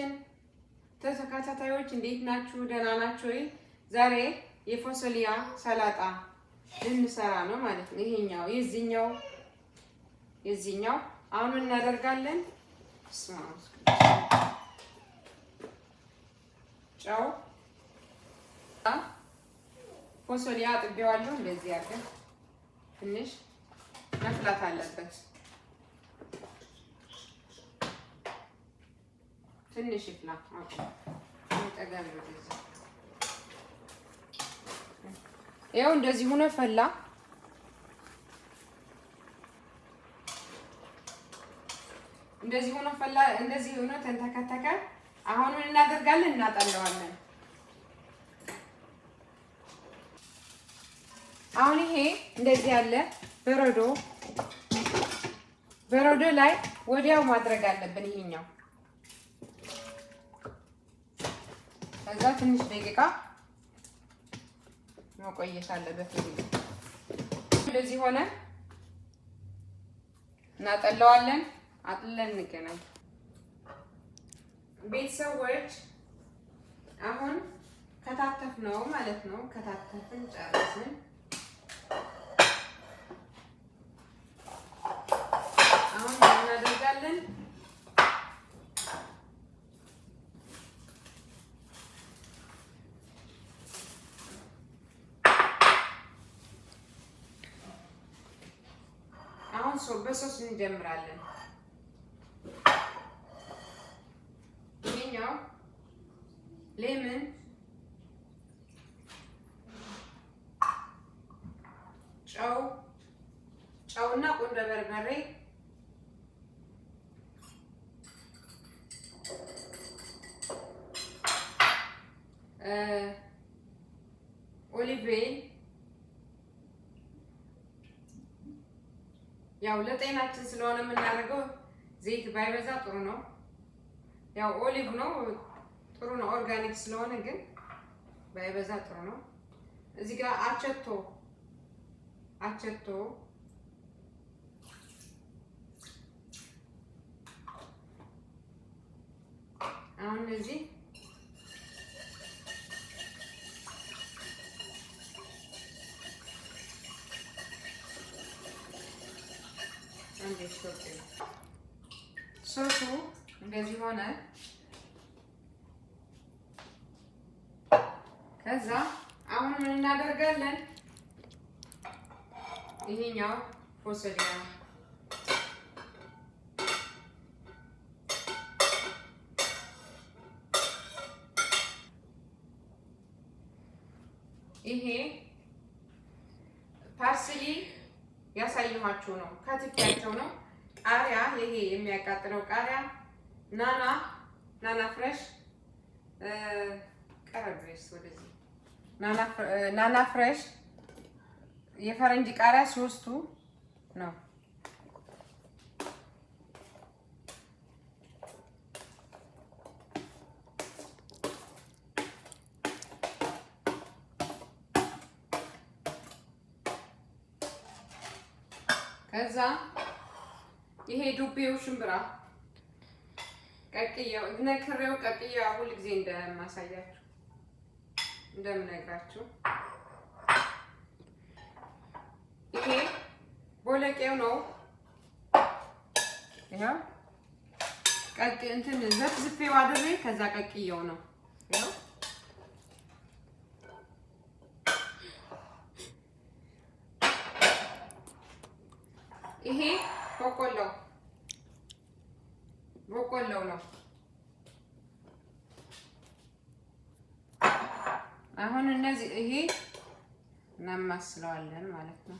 ቻናላችን ተከታታዮች እንዴት ናችሁ? ደህና ናችሁ ወይ? ዛሬ የፎሰሊያ ሰላጣ ልንሰራ ነው ማለት ነው። ይሄኛው የዚህኛው የዚህኛው አሁን እናደርጋለን። ጨው፣ ፎሰሊያ አጥቤዋለሁ። እንደዚህ ያለ ትንሽ መፍላት አለበት። ትንሽ ይፍላ ጠጋቢ። ያው እንደዚህ ሆነ ፈላ። እንደዚህ ሆኖ ፈላ። እንደዚህ ሆኖ ተንተከተከ። አሁን ምን እናደርጋለን? እናጠለዋለን። አሁን ይሄ እንደዚህ ያለ በረዶ በረዶ ላይ ወዲያው ማድረግ አለብን ይሄኛው ከዛ ትንሽ ደቂቃ መቆየት አለበት። እንደዚህ ሆነ እናጠለዋለን። አጥለን እንገናኝ ቤተሰቦች። አሁን ከታተፍ ነው ማለት ነው። ከታተፍን ጨረስን። በሶስ እንጀምራለን። ይሄኛው ሌምን ጨው ጨውና ቁንዶ በርበሬ እ ያው ለጤናችን ስለሆነ የምናደርገው ዘይት ባይበዛ ጥሩ ነው። ያው ኦሊቭ ነው ጥሩ ነው ኦርጋኒክ ስለሆነ ግን ባይበዛ ጥሩ ነው። እዚህ ጋር አቸቶ አቸቶ አሁን እዚህ ኢትዮጵያ ሶሱ እንደዚህ ሆነ። ከዛ አሁን ምን እናደርጋለን? ይሄኛው ፎሰሊያ ይሄ ፓርስሊ ያሳየኋችሁ ነው። ከትፊያቸው ነው ቃሪያ ይሄ የሚያቃጥለው ቃሪያ ናና ናና ፍሬሽ ቀረብሬስ ወደዚህ ናና ፍሬሽ የፈረንጅ ቃሪያ ሶስቱ ነው። ከዛ ይሄ ዱቤው ሽምብራ ቀቅየው ነክሬው ቀቅየው ሁል ጊዜ እንደማሳያችሁ እንደምነግራችሁ ይሄ ቦለቄው ነው። ያው ቀቅ እንትን ዘፍዝፌው አድሬ ከዛ ቀቅየው ነው። ያው ይሄ በቆሎው በቆሎው ነው። አሁን እነዚህ ይሄ እናማስለዋለን ማለት ነው።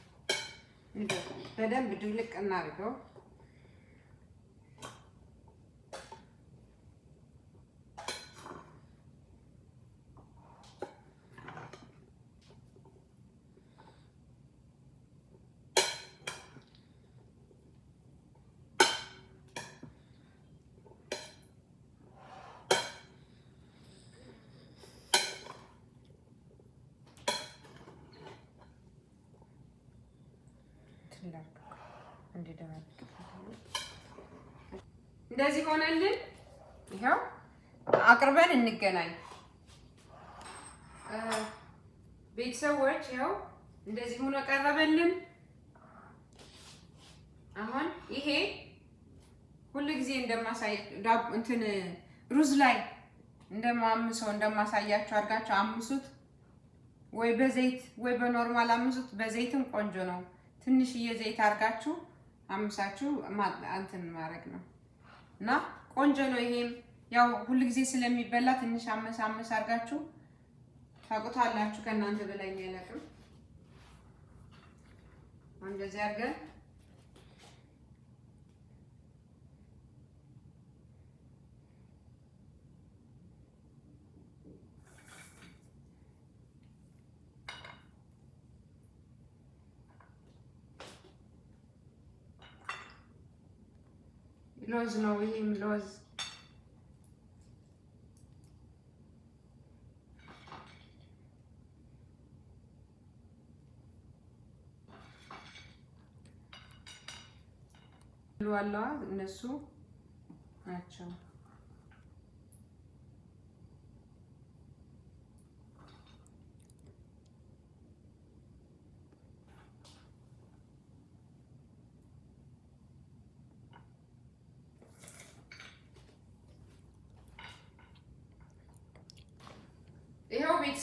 በደንብ ድብልቅ እናድርገው። እንደዚህ ሆነልን። ይኸው አቅርበን እንገናኝ ቤተሰቦች። ይኸው እንደዚህ ሆኖ ቀረበልን። አሁን ይሄ ሁሉ ጊዜ እንደማሳይ እንትን ሩዝ ላይ እንደማምሰው እንደማሳያቸው አድርጋቸው አምሱት፣ ወይ በዘይት ወይ በኖርማል አምሱት። በዘይትም ቆንጆ ነው። ትንሽዬ ዘይት አድርጋችሁ አምሳችሁ እንትን ማድረግ ነው እና ቆንጆ ነው። ይሄም ያው ሁል ጊዜ ስለሚበላ ትንሽ አመስ አመስ አድርጋችሁ ታውቁታላችሁ። ከእናንተ በላይ የሚያለቅም እንደዚህ አድርገን ሎዝ ነው። ይህም ሎዝ ዋለዋ እነሱ ናቸው።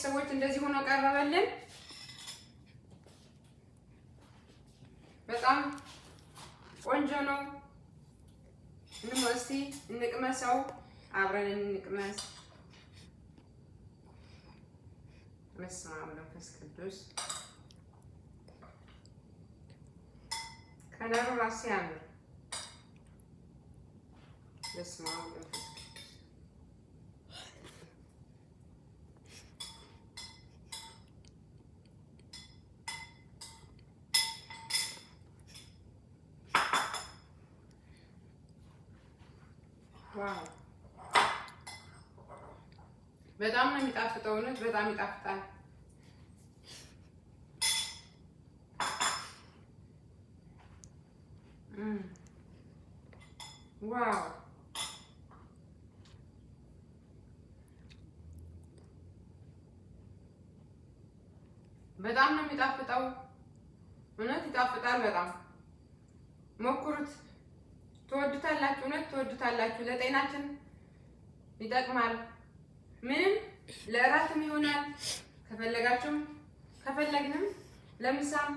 ቤተሰቦች እንደዚህ ሆኖ ቀረበልን። በጣም ቆንጆ ነው። እስኪ እንቅመሰው፣ አብረን እንቅመስ። በስመ አብ ወመንፈስ ቅዱስ። ከለሩ ራሱ ያምር። በስመ አብ ወመንፈስ በጣም ነው የሚጣፍጠው። እውነት በጣም ይጣፍጣል። ዋው በጣም ነው የሚጣፍጠው። እውነት ይጣፍጣል በጣም ሞክሩት። ትወዱታላችሁ፣ እውነት ትወዱታላችሁ። ለጤናችን ይጠቅማል። ምንም ለእራትም ይሆናል። ከፈለጋችሁም ከፈለግንም ለምሳም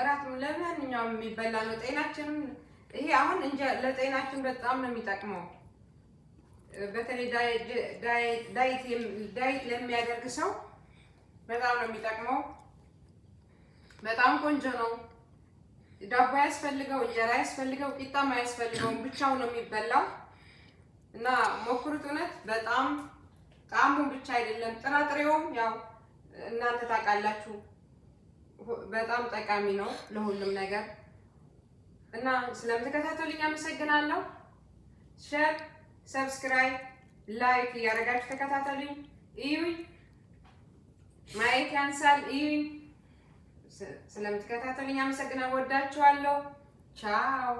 እራትም ለማንኛውም የሚበላ ነው። ጤናችንም ይሄ አሁን ለጤናችን በጣም ነው የሚጠቅመው። በተለይ ዳይት ለሚያደርግ ሰው በጣም ነው የሚጠቅመው። በጣም ቆንጆ ነው። ዳቦ ያስፈልገው እንጀራ ያስፈልገው ቂጣም አያስፈልገውም፣ ብቻው ነው የሚበላው እና ሞክሩት። እውነት በጣም ጣዕሙ ብቻ አይደለም ጥራጥሬውም፣ ያው እናንተ ታውቃላችሁ፣ በጣም ጠቃሚ ነው ለሁሉም ነገር እና ስለምትከታተሉኝ አመሰግናለሁ። ሸር ሰብስክራይብ፣ ላይክ እያደረጋችሁ ተከታተሉኝ። እዩኝ፣ ማየት ያንሳል። እዩኝ ስለምትከታተሉኝ አመሰግናለሁ። ወዳችኋለሁ። ቻው